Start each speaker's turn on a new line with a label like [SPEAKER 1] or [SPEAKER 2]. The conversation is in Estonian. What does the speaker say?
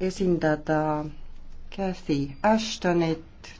[SPEAKER 1] esindada Cathy Ashtonit